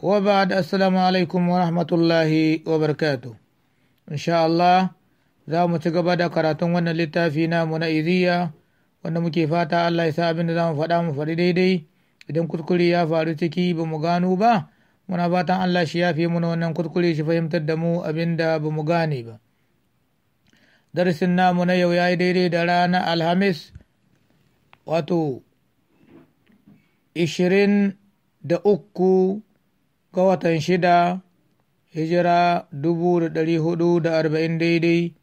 wa ba'ad assalamu alaikum wa rahmatullahi wa barakatuh insha za mu ci gaba da karatun wannan littafi mu na iziya wanda muke fata Allah ya sa abin da za mu faɗa mu faɗi daidai idan kuskure ya faru ciki ba mu gano ba muna fatan Allah shi ya fi muna wannan kuskure shi fahimtar da mu abin da ba mu gane ba darasin namu na yau ya yi daidai da rana, alhamis wato ishirin da uku ga watan shida hijira dubu da ɗari hudu da arba'in daidai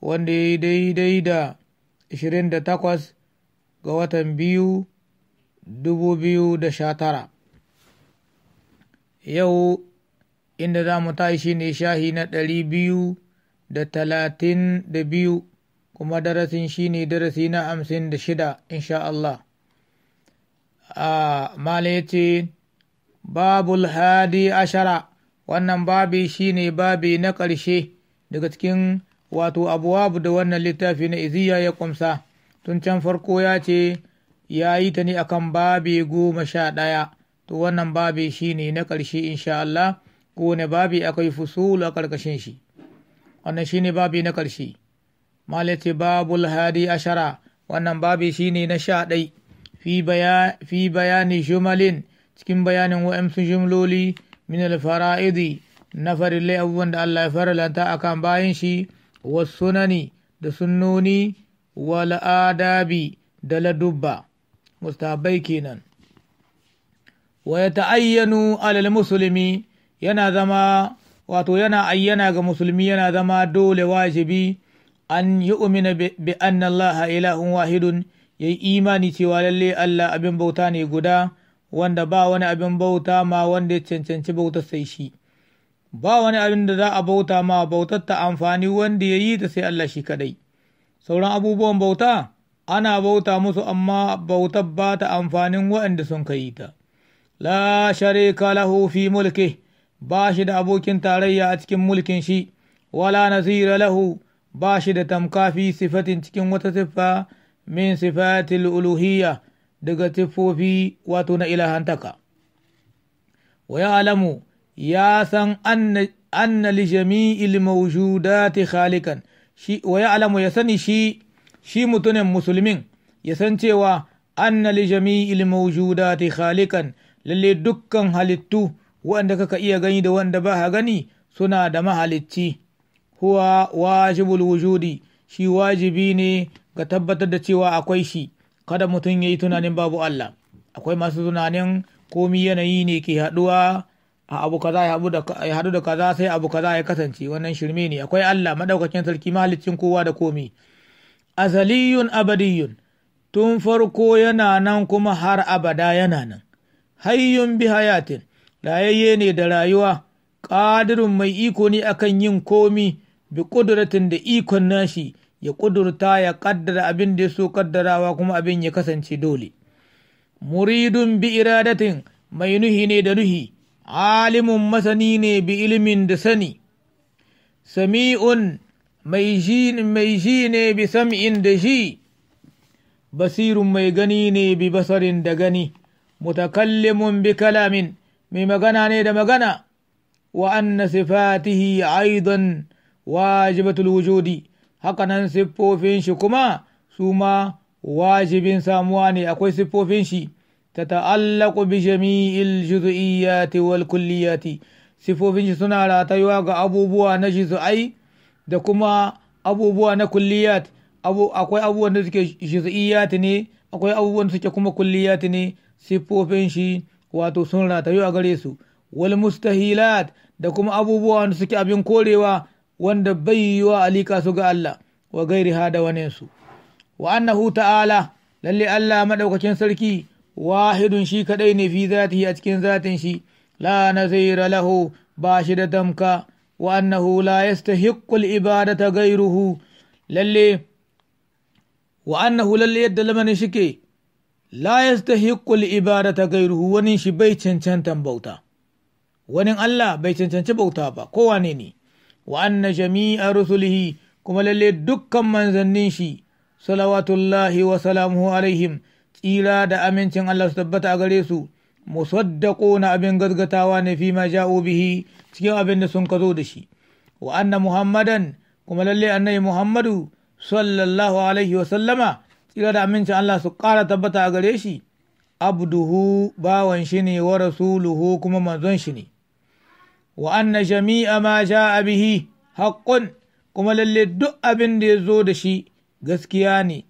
wanda ya yi daidai da ashirin da takwas ga watan biyu dubu biyu da sha tara yau inda za mu tashi shi ne shahi na ɗari biyu da talatin da biyu kuma darasin shi ne darasi na hamsin da shida insha Allah. a mala ya babul hadi ashara wannan babi shine babi na ƙarshe daga cikin wato abuwabu da wannan littafi na iziya ya kumsa tun can farko ya ce ya yi ta ne akan babi goma sha ɗaya to wannan babi shine na ƙarshe insha Allah ko wani babi akwai fusulu a ƙarƙashin shi wannan shine babi na ƙarshe malace babul hadi ashara wannan babi shine na sha ɗai fi bayani shumalin cikin bayanin wa'amsu jimloli min alfara'idi na farillai abubuwan da Allah ya faralanta akan bayan shi wasunani da sunnoni wal adabi da ladubba mustahabbai kenan wa ya ta'ayyanu alal musulmi yana zama wato yana ayyana ga musulmi yana zama dole wajibi an yi umina bi anna Allah ilahun wahidun ya yi imani cewa lalle Allah abin bauta ne guda wanda ba wani abin bauta ma wanda ya cancanci bautar sai shi ba wani abin da za a bauta ma bautar ta amfani wanda ya yi ta sai Allah shi kadai sauran abubuwan bauta ana bauta musu amma bautar ba ta amfanin waɗanda sun kai ta la sharika lahu fi mulki ba shi da abokin tarayya a cikin mulkin shi wala nazira lahu ba shi da tamka fi sifatin cikin wata siffa min sifatil uluhiyya daga siffofi wato na ilahantaka wa ya alamu ya san anna li jami'il mawjudati khalikan shi wa ya alamu ya sani shi shi mutumin musulmin ya san cewa anna li jami'il mawjudati khalikan lalle dukkan halittu waɗanda kaka iya gani da wanda ba ha gani suna da mahalicci huwa wajibul wujudi shi wajibi ne ga tabbatar da cewa akwai shi kada mutum ya yi tunanin babu Allah akwai masu tunanin komi yanayi ne ke haɗuwa a abu kaza ya haɗu da kaza sai abu kaza ya kasance wannan shirme ne akwai Allah madaukakin sarki mahaliccin kowa da komi azaliyun abadiyun tun farko yana nan kuma har abada yana nan hayyun bi hayatin rayayye ne da rayuwa ƙadirin mai iko ne akan yin komi bi ƙuduratin da ikon nashi ya ƙudurta ya ƙaddara abin da ya so ƙaddarawa kuma abin ya kasance dole muridun bi iradatin mai nuhi ne da nuhi alimun masani ne bi ilimin da sani sami'un mai ji ne bi sam'in da ji basirun mai gani ne bi basarin da gani mutakallimun bi kalamin mai magana ne da magana wa anna sifatihi aidan wajibatul wujudi hakanan siffofin shi kuma su ma wajibin samuwa ne akwai siffofin shi ta ta'allaku bi jami'il juzu'iyyati wal kulliyati siffofin shi suna ratayuwa ga abubuwa na juzu'ai da kuma abubuwa na kulliyat akwai abubuwan da suke juzu'iyyati ne akwai abubuwan suke kuma kulliyati ne siffofin shi wato sun ratayu a gare su wal mustahilat da kuma abubuwa da suke abin korewa wanda bai yi wa alika su ga Allah wa gairi da wani su wa annahu ta'ala lalle Allah madaukakin sarki wahidun shi kadai ne fi zatihi a cikin zatin shi la nazira lahu ba shi da damka. wa annahu la yastahiqqu al-ibadata gairuhu lalle wa annahu lalle yadda lamarin shike la yastahiqqu ibadata gairuhu wani shi bai cancantan bauta wani Allah bai cancanci bauta ba kowane ne wa anna sulhi kuma lallai dukkan manzannin shi salawatullahi wa salamuhu alaihim tsira da amincin Allah su tabbata a gare su musaddaqo na abin gazgatawa na fi ma ja'u bihi cikin abin da sun kazo da shi wa anna muhammadan kuma lalle annabi muhammadu sallallahu alaihi wa sallama tsira da amincin Allah su kara tabbata a gare shi abduhu bawan shi ne wa kuma manzon shi ne wa anna jami'a ma ja'a bihi haqqun kuma lalle duk abin da ya zo da shi gaskiya ne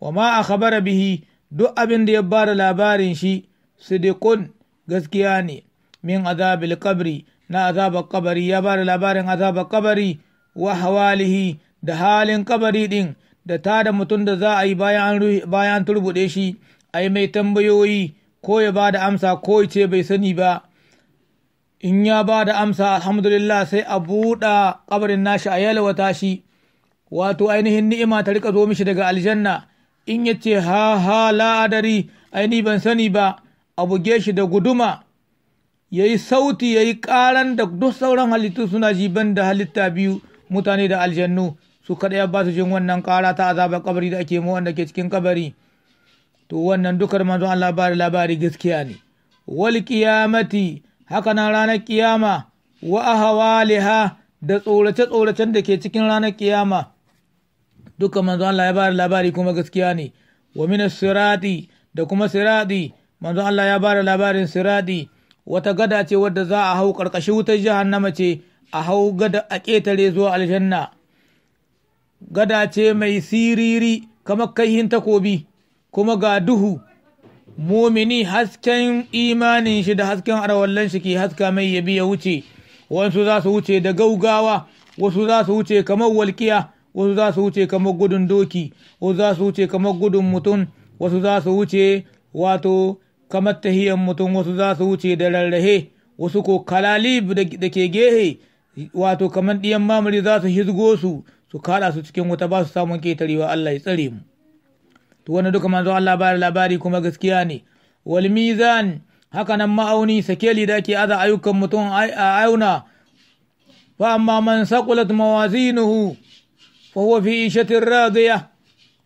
wa ma a bihi duk abin da ya bada labarin shi sidiqun gaskiya ne min azabil qabri na azabar kabari ya bada labarin azabar kabari wa hawalihi da halin kabari din da ta da mutum da za a yi bayan turbuɗe shi a yi mai tambayoyi ko ya ba da amsa ko ya ce bai sani ba in ya ba da amsa alhamdulillah sai a buɗa ƙabarin nashi a yalwata shi wato ainihin ni'ima ta rika zo mishi daga aljanna in ya ce ha ha la'adari aini ban sani ba a buge shi da guduma ya yi sauti ya yi ƙaran da duk sauran halittu suna jiban da halitta biyu mutane da aljannu su kaɗai ba su jin wannan ƙara ta azaba kabari da ake mu wanda ke cikin kabari to wannan dukar manzon Allah ba da labari gaskiya ne wal haka nan ranar kiyama wa ahwaliha da tsorace-tsoracen da ke cikin ranar kiyama duka manzo Allah ya bada labari kuma gaskiya ne wa min sirati da kuma sirati manzo Allah ya bada labarin sirati wata gada ce wadda za a hau karkashin wutar jahannama ce a hau gada a ƙetare zuwa aljanna gada ce mai siriri kamar kaihin takobi kuma ga duhu mumini hasken imanin shi da hasken arwallon shi ke haska mai ya biya wuce wasu za su wuce da gaugawa wasu za su wuce kamar walƙiya wasu za su wuce kamar gudun doki wasu za su wuce kamar gudun mutum wasu za su wuce wato kamar tahiyan mutum wasu za su wuce da rarrahe wasu ko kalalib da ke gehe wato kamar ɗiyan mamari za su hizgo su su kaɗa su cikin wata ba su samun ketarewa Allah ya tsare mu to wannan duka manzo Allah ba labari kuma gaskiya ne wal mizan haka nan ma'auni sakeli da ke aza ayyukan mutum a auna fa amma man saqulat mawazinuhu fa huwa fi ishatin radiya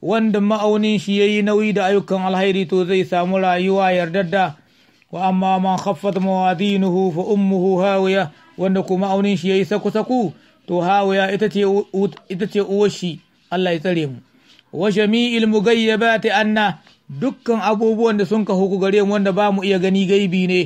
wanda ma'aunin shi yayi nauyi da ayyukan alhairi to zai samu rayuwa yardadda wa amma man khaffat mawazinuhu fa ummuhu hawiya wanda kuma ma'aunin shi yayi saku saku to hawiya ita ce ita ce uwar shi Allah ya tsare mu wa jami'il mugayyabati anna dukkan abubuwan da sun ka huku gare mu wanda ba mu iya gani gaibi ne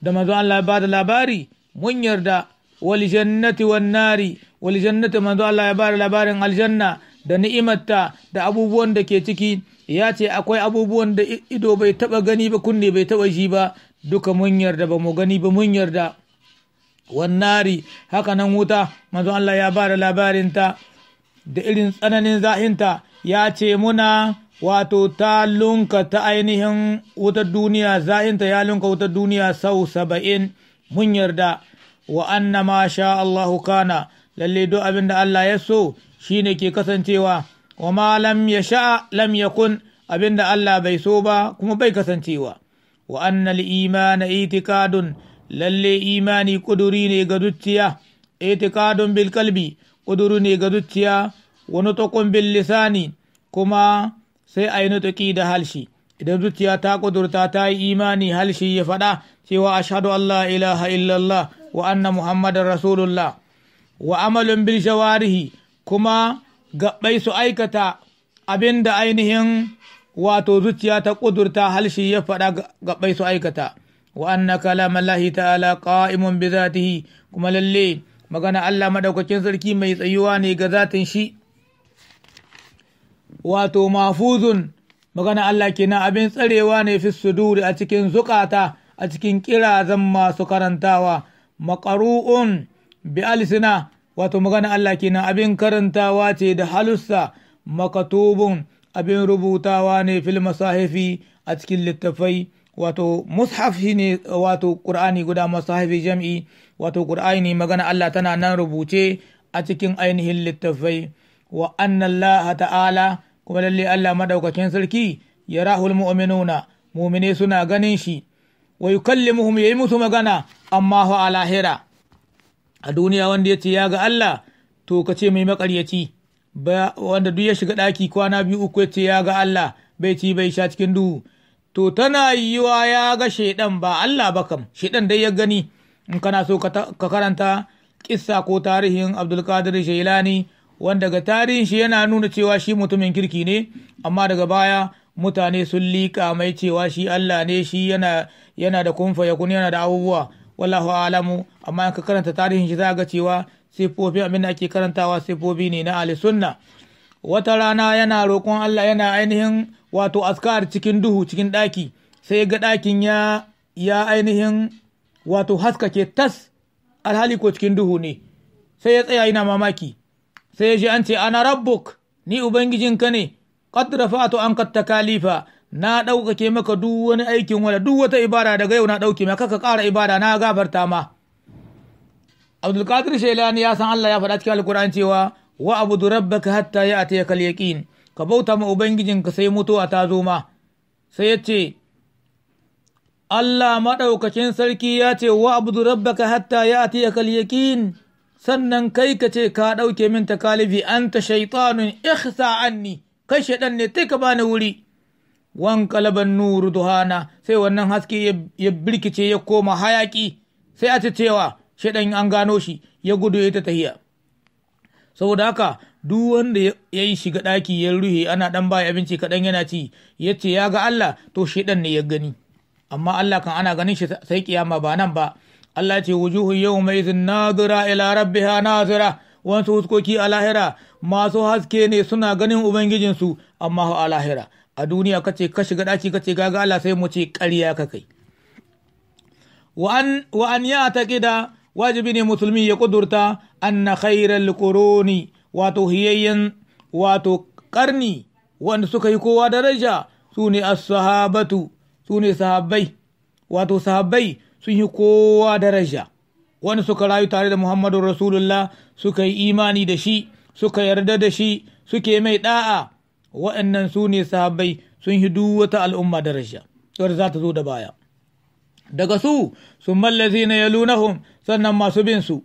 da manzo Allah ya bada labari mun yarda wal jannati wan nari wal jannati manzo Allah ya bada labarin aljanna da ni'imarta da abubuwan da ke ciki ya ce akwai abubuwan da ido bai taba gani ba kunne bai taba ji ba duka mun yarda ba mu gani ba mun yarda wannari haka nan wuta manzo Allah ya bada labarin labarinta da irin tsananin zahinta ya ce muna wato ta lunka ta ainihin wutar duniya za'inta ya lunka wutar duniya sau saba'in mun yarda wa anna ma sha Allahu kana lalle duk abin da Allah ya so shine ke kasancewa wa ma lam ya sha lam abin da Allah bai so ba kuma bai kasancewa wa annal imana itikadun lalle imani kuduri ne ga zuciya itikadun bil kalbi kuduri ne ga zuciya wani takon bin lisani kuma sai a yi nutuki da halshi idan zuciya ta kudurta ta yi imani halshi ya faɗa cewa ashhadu Allah ilaha illallah wa anna muhammadar rasulullah wa amalin bil shawarihi kuma gaɓai su aikata abin da ainihin wato zuciya ta kudurta halshi ya faɗa gaɓai su aikata wa anna kalam Allah ta'ala qa'imun bi zatihi kuma lalle magana Allah madaukakin sarki mai tsayuwa ne ga zatin shi wato mafuzun magana Allah kenan abin tsarewa ne fi suduri a cikin zukata a cikin kirazan masu karantawa makaru'un bi alisina wato magana Allah kenan abin karantawa ce da halussa makatubun abin rubutawa ne fil masahifi a cikin littafai wato mushafi ne wato qur'ani guda masahifi jam'i wato qur'ani magana Allah tana nan rubuce a cikin ainihin littafai wa anna ta'ala kuma lalle Allah madaukakin sarki ya rahul mu'minuna mu'mine suna ganin shi wa yukallimuhum yayi musu magana amma fa a lahira a duniya wanda ya ce ya ga Allah to ka ce mai makaryaci wanda duk ya shiga ɗaki kwana biyu uku ya ce ya ga Allah bai ci bai sha cikin duhu to tana yiwa ya ga shaidan ba Allah ba kam shaidan dai ya gani in kana so ka karanta kissa ko tarihin Abdul Qadir Shailani wanda daga tarihin shi yana nuna cewa shi mutumin kirki ne amma daga baya mutane sun liƙa mai cewa shi Allah ne shi yana da kunfa ya kun yana da abubuwa wallahu alamu amma in ka karanta tarihin shi za ga cewa sifofi abin da ake karantawa sifofi ne na ali sunna wata rana yana roƙon Allah yana ainihin wato askar cikin duhu cikin ɗaki sai ga ɗakin ya ya ainihin wato haskake tas alhali ko cikin duhu ne sai ya tsaya yana mamaki sai ya ji an ce ana rabbuk ni ubangijinka ne qad rafa'tu anka takalifa na ɗaukake maka duk wani aikin wala duk wata ibada daga yau na ɗauke maka ka ƙara ibada na gafarta ma Abdulkadir Shailani ya san Allah ya faɗa cikin Alƙur'an cewa wa abudu rabbaka hatta ya yaqin ka bauta ma ubangijinka sai mutuwa ta zo ma sai ya ce Allah maɗaukacin sarki ya ce wa abudu rabbaka hatta ya yaqin sannan kai ka ce ka ɗauke min takalifi an ta shaitanun ikhsa anni kai shaɗan ne tai ka bani wuri wan kalaban nuru duhana sai wannan haske ya birkice ya koma hayaki sai a ci cewa shaɗan an gano shi ya gudu ya ta tahiya saboda haka duk wanda ya yi shiga ɗaki ya ruhe ana ɗan baya abinci kaɗan yana ci ya ce ya ga Allah to shaɗan ne ya gani amma Allah kan ana ganin shi sai kiyama ba nan ba Allah ce wujuhu yau mai nazira ila rabbiha nazira wasu huskoki a lahira masu haske ne suna ganin ubangijinsu amma a lahira a duniya ka kashi ka shiga daki ce gaga Allah sai mu ce ƙarya ka kai wa an ya ƙida wajibi ne musulmi ya kudurta na khairal quruni wato hiyayyen wato ƙarni. wanda suka yi kowa daraja su ne as-sahabatu su ne sahabbai wato sahabbai sun yi kowa daraja wani suka rayu tare da muhammadu rasulullah suka yi imani da shi suka yarda da shi suke mai da'a wa'annan su ne sahabbai sun yi duk wata al'umma daraja wadda za ta zo da baya daga su sun mallazi na yalunahum sannan masu bin su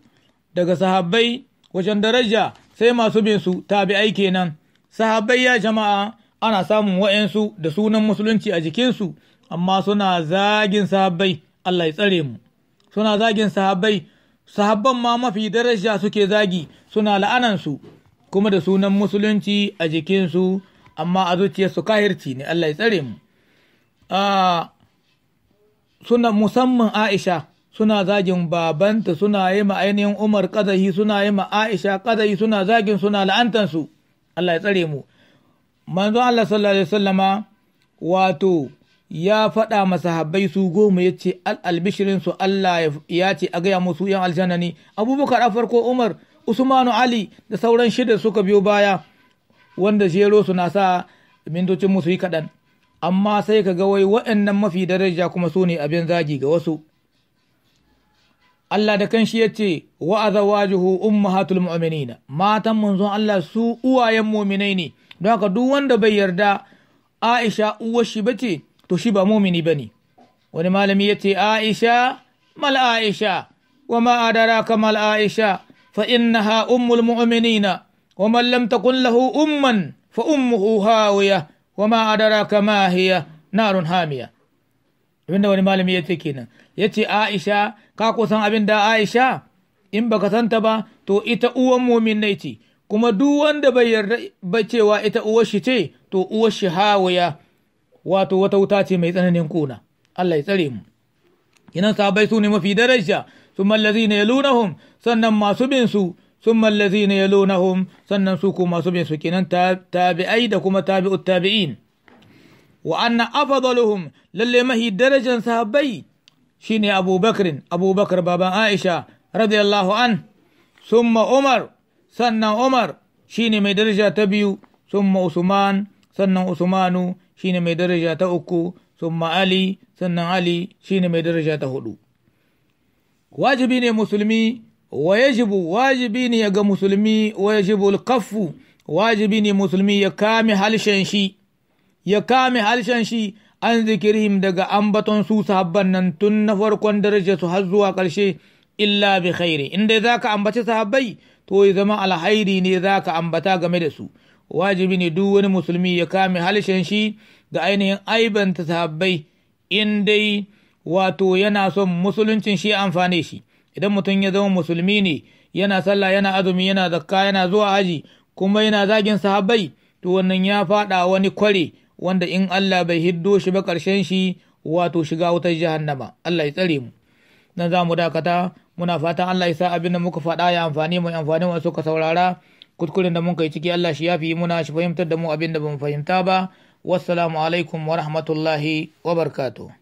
daga sahabbai wajen daraja sai masu bin su tabi'ai nan sahabbai ya jama'a ana samun wa'ansu da sunan musulunci a jikinsu amma suna zagin sahabbai Allah ya tsare mu suna zagin sahabbai sahabban ma mafi daraja suke zagi suna la'anansu kuma da sunan musulunci a jikinsu amma a zuciyarsu kahirci ne Allah ya tsare mu ah, suna musamman Aisha suna zagin babanta suna yi ma ainihin Umar kadahi suna yi ma Aisha kadahi suna zagin suna la'antansu Allah ya tsare mu manzo Allah sallallahu alaihi wasallama wato ya faɗa masahabbai su goma ya ce al'albishirin su Allah ya ce a gaya musu yan aljanna ne abubakar a farko umar usmanu ali da sauran shida suka biyo baya wanda jero su na sa mintocin musu yi kaɗan amma sai ka ga wai waɗannan mafi daraja kuma su ne abin zagi ga wasu Allah da kanshi ya ce Umma azawajuhu ummahatul mu'minina matan manzon Allah su uwayen mu'minai ne don haka duk wanda bai yarda Aisha uwar shi bace to shi ba mumini bane wani malami ya ce aisha mal aisha Wama adaraka mal aisha fa innaha ummul mu'minina wa man lam takun lahu umman fa ummuhu hawiya Wama adaraka ma hiya narun hamiya abinda wani malami ya ce kenan ya ce aisha ka kusan abinda aisha in baka santa ba to ita uwan muminai ce kuma duk wanda bai yarda ba cewa ita uwar shi ce to uwar shi hawiya wato wata wuta ce mai tsananin kuna Allah ya tsare mu kinan sabai su ne mafi daraja thumma allazina lunahum. sannan masu bin su thumma allazina lunahum. sannan su ko masu bin su kinan tabi'ai da kuma tabi'ut tabi'in wa anna afdaluhum lalle mahi darajan sahabbai shine abubakrin abubakar baban aisha radiyallahu an summa umar sannan umar shine mai daraja ta biyu summa usman sannan usmanu shine mai daraja ta uku summa ali sannan ali shine mai daraja ta hudu wajibi ne musulmi wa yajibu wajibi ne ga musulmi wa yajibu alkafu wajibi ne musulmi ya kame halshen shi ya kame halshen shi an zikirihim daga ambaton su sahabban nan tun na farkon daraja su har zuwa ƙarshe illa bi khairi in dai zaka ambaci sahabbai to ya zama alhairi ne zaka ambata game da su wajibi ne duk wani musulmi ya kame halshen shi ga ainihin aibanta sahabbai in dai wato yana son musuluncin shi amfane shi idan mutum ya zama musulmi ne yana sallah yana azumi yana zakka yana zuwa haji kuma yana zagin sahabbai to wannan ya faɗa wani kware wanda in Allah bai hiddo shi ba ƙarshen shi wato shiga wutar jahannama Allah ya tsare mu nan za mu dakata muna fatan Allah ya sa abin da muka faɗa ya amfani mu amfani wasu suka saurara kuskuren da mun kai ciki Allah shi fi muna shi fahimtar da mu abin da bamu fahimta ba wassalamu alaikum wa rahmatullahi wa barkatu.